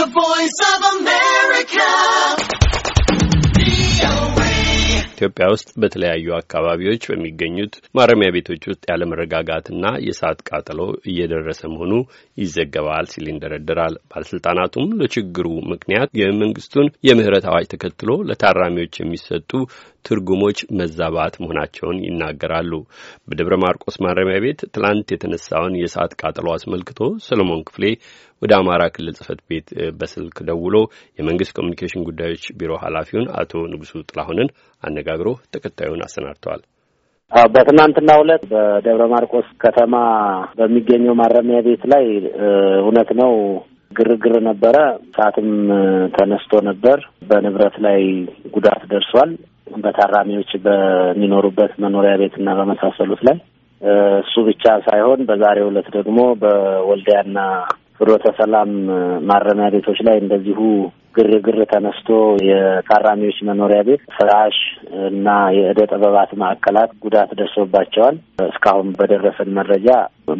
The Voice of America. ኢትዮጵያ ውስጥ በተለያዩ አካባቢዎች በሚገኙት ማረሚያ ቤቶች ውስጥ ያለመረጋጋትና የእሳት ቃጠሎ እየደረሰ መሆኑ ይዘገባል ሲል ይንደረደራል። ባለስልጣናቱም ለችግሩ ምክንያት የመንግስቱን የምህረት አዋጅ ተከትሎ ለታራሚዎች የሚሰጡ ትርጉሞች መዛባት መሆናቸውን ይናገራሉ። በደብረ ማርቆስ ማረሚያ ቤት ትላንት የተነሳውን የእሳት ቃጠሎ አስመልክቶ ሰለሞን ክፍሌ ወደ አማራ ክልል ጽህፈት ቤት በስልክ ደውሎ የመንግስት ኮሚኒኬሽን ጉዳዮች ቢሮ ኃላፊውን አቶ ንጉሱ ጥላሁንን አነጋግሮ ተከታዩን አሰናድተዋል። በትናንትና ዕለት በደብረ ማርቆስ ከተማ በሚገኘው ማረሚያ ቤት ላይ እውነት ነው ግርግር ነበረ። እሳትም ተነስቶ ነበር። በንብረት ላይ ጉዳት ደርሷል። በታራሚዎች በሚኖሩበት መኖሪያ እና በመሳሰሉት ላይ እሱ ብቻ ሳይሆን በዛሬው ዕለት ደግሞ በወልዲያና ፍኖተ ሰላም ማረሚያ ቤቶች ላይ እንደዚሁ ግርግር ተነስቶ የታራሚዎች መኖሪያ ቤት ፍራሽ እና የእደ ጥበባት ማዕከላት ጉዳት ደርሶባቸዋል። እስካሁን በደረሰን መረጃ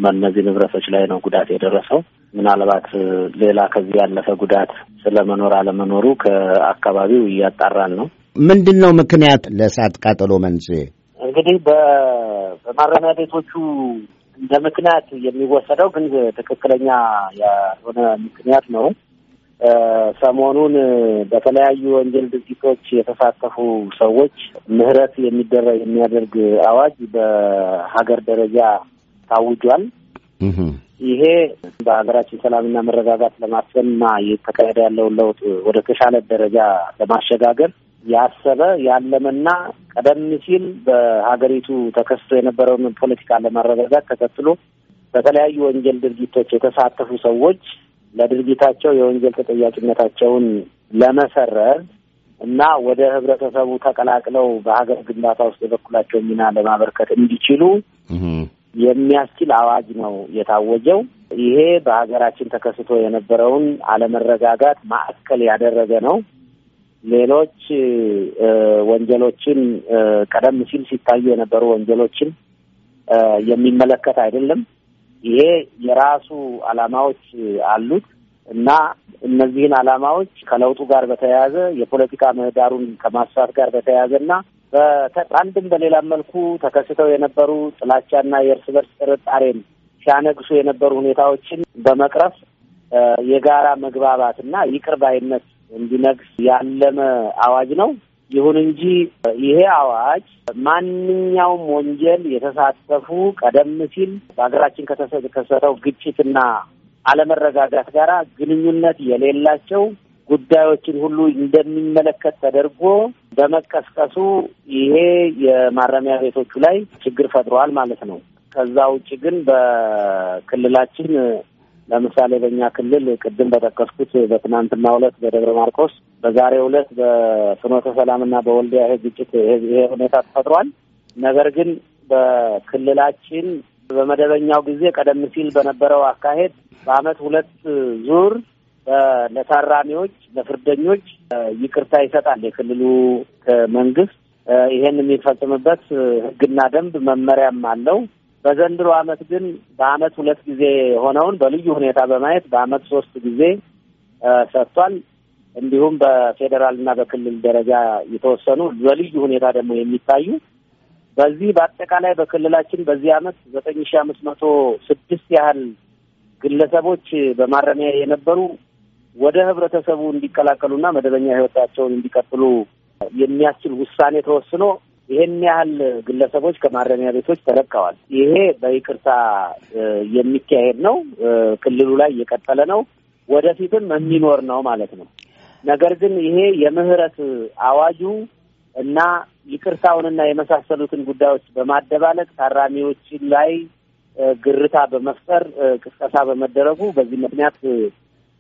በእነዚህ ንብረቶች ላይ ነው ጉዳት የደረሰው። ምናልባት ሌላ ከዚህ ያለፈ ጉዳት ስለመኖር አለመኖሩ ከአካባቢው እያጣራን ነው። ምንድን ነው ምክንያት ለእሳት ቃጠሎ መንስኤ? እንግዲህ በማረሚያ ቤቶቹ እንደ ምክንያት የሚወሰደው ግን ትክክለኛ ያልሆነ ምክንያት ነው። ሰሞኑን በተለያዩ ወንጀል ድርጊቶች የተሳተፉ ሰዎች ምህረት የሚደረ የሚያደርግ አዋጅ በሀገር ደረጃ ታውጇል። ይሄ በሀገራችን ሰላምና መረጋጋት ለማስፈንና እየተካሄደ ያለውን ለውጥ ወደ ተሻለ ደረጃ ለማሸጋገር ያሰበ ያለመና ቀደም ሲል በሀገሪቱ ተከስቶ የነበረውን ፖለቲካ ለማረጋጋት ተከትሎ በተለያዩ ወንጀል ድርጊቶች የተሳተፉ ሰዎች ለድርጊታቸው የወንጀል ተጠያቂነታቸውን ለመሰረዝ እና ወደ ህብረተሰቡ ተቀላቅለው በሀገር ግንባታ ውስጥ የበኩላቸው ሚና ለማበርከት እንዲችሉ የሚያስችል አዋጅ ነው የታወጀው። ይሄ በሀገራችን ተከስቶ የነበረውን አለመረጋጋት ማዕከል ያደረገ ነው። ሌሎች ወንጀሎችን ቀደም ሲል ሲታዩ የነበሩ ወንጀሎችን የሚመለከት አይደለም። ይሄ የራሱ አላማዎች አሉት እና እነዚህን አላማዎች ከለውጡ ጋር በተያያዘ የፖለቲካ ምህዳሩን ከማስፋት ጋር በተያያዘ እና በአንድም በሌላም መልኩ ተከስተው የነበሩ ጥላቻና የእርስ በርስ ጥርጣሬን ሲያነግሱ የነበሩ ሁኔታዎችን በመቅረፍ የጋራ መግባባት እና ይቅር ባይነት እንዲነግስ ያለመ አዋጅ ነው። ይሁን እንጂ ይሄ አዋጅ ማንኛውም ወንጀል የተሳተፉ ቀደም ሲል በሀገራችን ከተከሰተው ግጭትና አለመረጋጋት ጋር ግንኙነት የሌላቸው ጉዳዮችን ሁሉ እንደሚመለከት ተደርጎ በመቀስቀሱ ይሄ የማረሚያ ቤቶቹ ላይ ችግር ፈጥሯል ማለት ነው። ከዛ ውጭ ግን በክልላችን ለምሳሌ በእኛ ክልል ቅድም በጠቀስኩት በትናንትና ሁለት በደብረ ማርቆስ፣ በዛሬ ዕለት በፍኖተ ሰላምና በወልዲያ ይሄ ግጭት ይሄ ሁኔታ ተፈጥሯል። ነገር ግን በክልላችን በመደበኛው ጊዜ ቀደም ሲል በነበረው አካሄድ በአመት ሁለት ዙር ለታራሚዎች ለፍርደኞች ይቅርታ ይሰጣል የክልሉ መንግስት። ይሄን የሚፈጽምበት ህግና ደንብ መመሪያም አለው። በዘንድሮ አመት ግን በአመት ሁለት ጊዜ የሆነውን በልዩ ሁኔታ በማየት በአመት ሶስት ጊዜ ሰጥቷል። እንዲሁም በፌዴራል እና በክልል ደረጃ የተወሰኑ በልዩ ሁኔታ ደግሞ የሚታዩ በዚህ በአጠቃላይ በክልላችን በዚህ አመት ዘጠኝ ሺ አምስት መቶ ስድስት ያህል ግለሰቦች በማረሚያ የነበሩ ወደ ህብረተሰቡ እንዲቀላቀሉና መደበኛ ህይወታቸውን እንዲቀጥሉ የሚያስችል ውሳኔ ተወስኖ ይሄን ያህል ግለሰቦች ከማረሚያ ቤቶች ተለቀዋል። ይሄ በይቅርታ የሚካሄድ ነው። ክልሉ ላይ እየቀጠለ ነው፣ ወደፊትም የሚኖር ነው ማለት ነው። ነገር ግን ይሄ የምህረት አዋጁ እና ይቅርታውንና የመሳሰሉትን ጉዳዮች በማደባለቅ ታራሚዎች ላይ ግርታ በመፍጠር ቅስቀሳ በመደረጉ በዚህ ምክንያት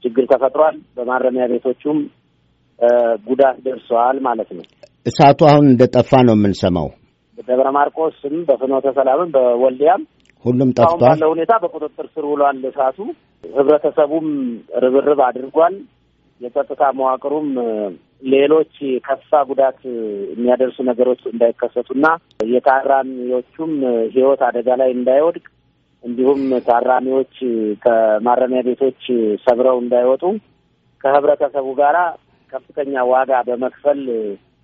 ችግር ተፈጥሯል። በማረሚያ ቤቶቹም ጉዳት ደርሰዋል ማለት ነው። እሳቱ አሁን እንደ ጠፋ ነው የምንሰማው። ደብረ ማርቆስም፣ በፍኖተ ሰላምም፣ በወልዲያም ሁሉም ጠፍቷል። ባለው ሁኔታ በቁጥጥር ስር ውሏል እሳቱ። ህብረተሰቡም ርብርብ አድርጓል። የጸጥታ መዋቅሩም ሌሎች ከፋ ጉዳት የሚያደርሱ ነገሮች እንዳይከሰቱና የታራሚዎቹም ህይወት አደጋ ላይ እንዳይወድቅ እንዲሁም ታራሚዎች ከማረሚያ ቤቶች ሰብረው እንዳይወጡ ከህብረተሰቡ ጋራ ከፍተኛ ዋጋ በመክፈል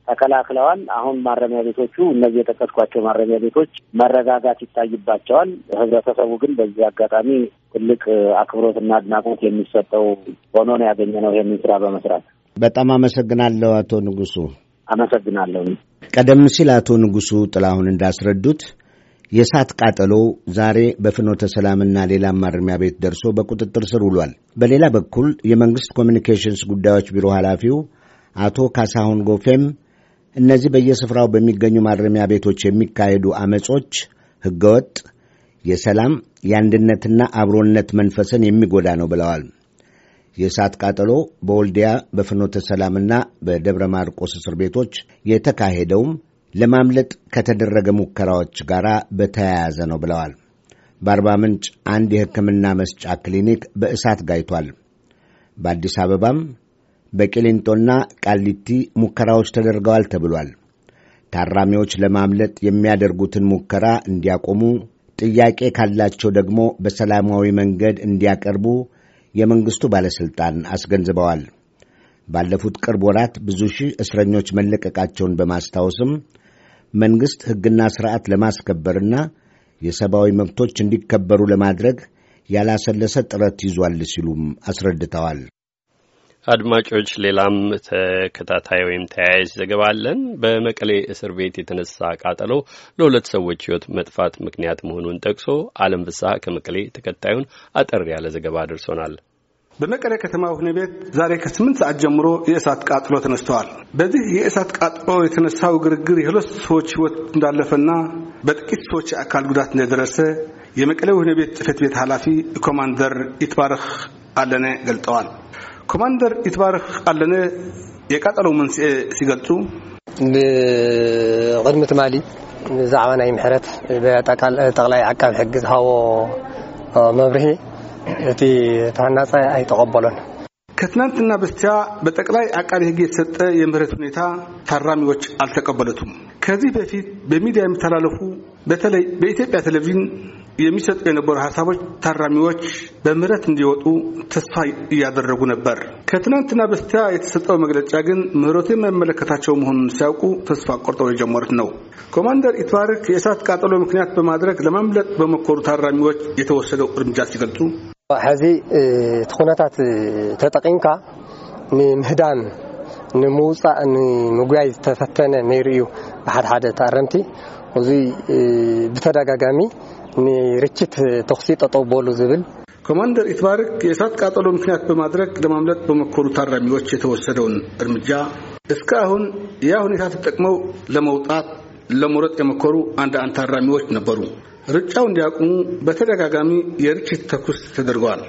ተከላክለዋል። አሁን ማረሚያ ቤቶቹ እነዚህ የጠቀስኳቸው ማረሚያ ቤቶች መረጋጋት ይታይባቸዋል። ህብረተሰቡ ግን በዚህ አጋጣሚ ትልቅ አክብሮትና አድናቆት የሚሰጠው ሆኖ ነው ያገኘነው ይህንን ስራ በመስራት። በጣም አመሰግናለሁ አቶ ንጉሱ። አመሰግናለሁ። ቀደም ሲል አቶ ንጉሱ ጥላሁን እንዳስረዱት የእሳት ቃጠሎ ዛሬ በፍኖተ ሰላምና ሌላ ማረሚያ ቤት ደርሶ በቁጥጥር ስር ውሏል። በሌላ በኩል የመንግሥት ኮሚኒኬሽንስ ጉዳዮች ቢሮ ኃላፊው አቶ ካሳሁን ጎፌም እነዚህ በየስፍራው በሚገኙ ማረሚያ ቤቶች የሚካሄዱ አመጾች ሕገወጥ፣ የሰላም የአንድነትና አብሮነት መንፈስን የሚጎዳ ነው ብለዋል። የእሳት ቃጠሎ በወልዲያ በፍኖተ ሰላምና በደብረ ማርቆስ እስር ቤቶች የተካሄደውም ለማምለጥ ከተደረገ ሙከራዎች ጋር በተያያዘ ነው ብለዋል። በአርባ ምንጭ አንድ የሕክምና መስጫ ክሊኒክ በእሳት ጋይቷል። በአዲስ አበባም በቂሊንጦና ቃሊቲ ሙከራዎች ተደርገዋል ተብሏል። ታራሚዎች ለማምለጥ የሚያደርጉትን ሙከራ እንዲያቆሙ፣ ጥያቄ ካላቸው ደግሞ በሰላማዊ መንገድ እንዲያቀርቡ የመንግሥቱ ባለሥልጣን አስገንዝበዋል። ባለፉት ቅርብ ወራት ብዙ ሺህ እስረኞች መለቀቃቸውን በማስታወስም መንግሥት ሕግና ሥርዓት ለማስከበርና የሰብአዊ መብቶች እንዲከበሩ ለማድረግ ያላሰለሰ ጥረት ይዟል ሲሉም አስረድተዋል። አድማጮች ሌላም ተከታታይ ወይም ተያያዥ ዘገባ አለን። በመቀሌ እስር ቤት የተነሳ ቃጠሎ ለሁለት ሰዎች ሕይወት መጥፋት ምክንያት መሆኑን ጠቅሶ አለም ፍስሐ ከመቀሌ ተከታዩን አጠር ያለ ዘገባ ደርሶናል። በመቀሌ ከተማ ወህኒ ቤት ዛሬ ከስምንት ሰዓት ጀምሮ የእሳት ቃጥሎ ተነስተዋል። በዚህ የእሳት ቃጥሎ የተነሳው ግርግር የሁለት ሰዎች ሕይወት እንዳለፈና በጥቂት ሰዎች የአካል ጉዳት እንደደረሰ የመቀሌ ወህኒ ቤት ጽሕፈት ቤት ኃላፊ ኮማንደር ይትባረክ አለነ ገልጠዋል። ኮማንደር ይትባረክ አለነ የቃጠለው መንስኤ ሲገልጹ ብቅድሚ ትማሊ ብዛዕባ ናይ ምሕረት ጠቅላይ ዓቃብ ሕጊ ዝሃቦ መብርሂ እቲ ተሃናፀ ኣይተቐበሎን ከትናንትና በስቲያ በጠቅላይ አቃቢ ህግ የተሰጠ የምህረት ሁኔታ ታራሚዎች አልተቀበለቱም። ከዚህ በፊት በሚዲያ የሚተላለፉ በተለይ በኢትዮጵያ ቴሌቪዥን የሚሰጡ የነበሩ ሀሳቦች ታራሚዎች በምህረት እንዲወጡ ተስፋ እያደረጉ ነበር። ከትናንትና በስቲያ የተሰጠው መግለጫ ግን ምህረቱ የማይመለከታቸው መሆኑን ሲያውቁ ተስፋ ቆርጠው የጀመሩት ነው። ኮማንደር ኢትባርክ የእሳት ቃጠሎ ምክንያት በማድረግ ለማምለጥ በሞከሩ ታራሚዎች የተወሰደው እርምጃ ሲገልጹ ሕዚ እቲ ኩነታት ተጠቂምካ ንምህዳን ንምውፃእ ንምጉያይ ዝተፈተነ ነይሩ እዩ ብሓደ ሓደ ታረምቲ እዚ ብተደጋጋሚ ርችት ተኩሲ ጠጠው ዝብል ኮማንደር ኢትባርክ የእሳት ቃጠሎ ምክንያት በማድረግ ለማምለጥ በመኮሩ ታራሚዎች የተወሰደውን እርምጃ እስከ አሁን ያ ሁኔታ ተጠቅመው ለመውጣት ለመውረጥ የመኮሩ አንድ አንድ ታራሚዎች ነበሩ። ርጫው እንዲያቁሙ በተደጋጋሚ የርችት ተኩስ ተደርገዋል።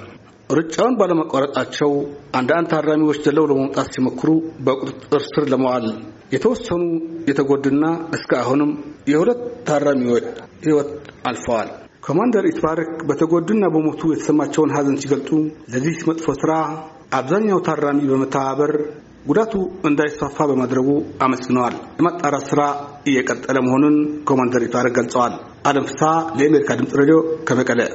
ሩጫውን ባለመቋረጣቸው አንዳንድ ታራሚዎች ዘለው ለመምጣት ሲሞክሩ በቁጥጥር ስር ለመዋል የተወሰኑ የተጎዱና እስከ አሁንም የሁለት ታራሚዎች ሕይወት አልፈዋል። ኮማንደር ኢትባረክ በተጎዱና በሞቱ የተሰማቸውን ሐዘን ሲገልጹ ለዚህ መጥፎ ስራ አብዛኛው ታራሚ በመተባበር ጉዳቱ እንዳይስፋፋ በማድረጉ አመስግነዋል። የማጣራት ስራ እየቀጠለ መሆኑን ኮማንደር ኢትባረክ ገልጸዋል። አለም ፍስሐ ለአሜሪካ ድምፅ ሬዲዮ ከመቀለ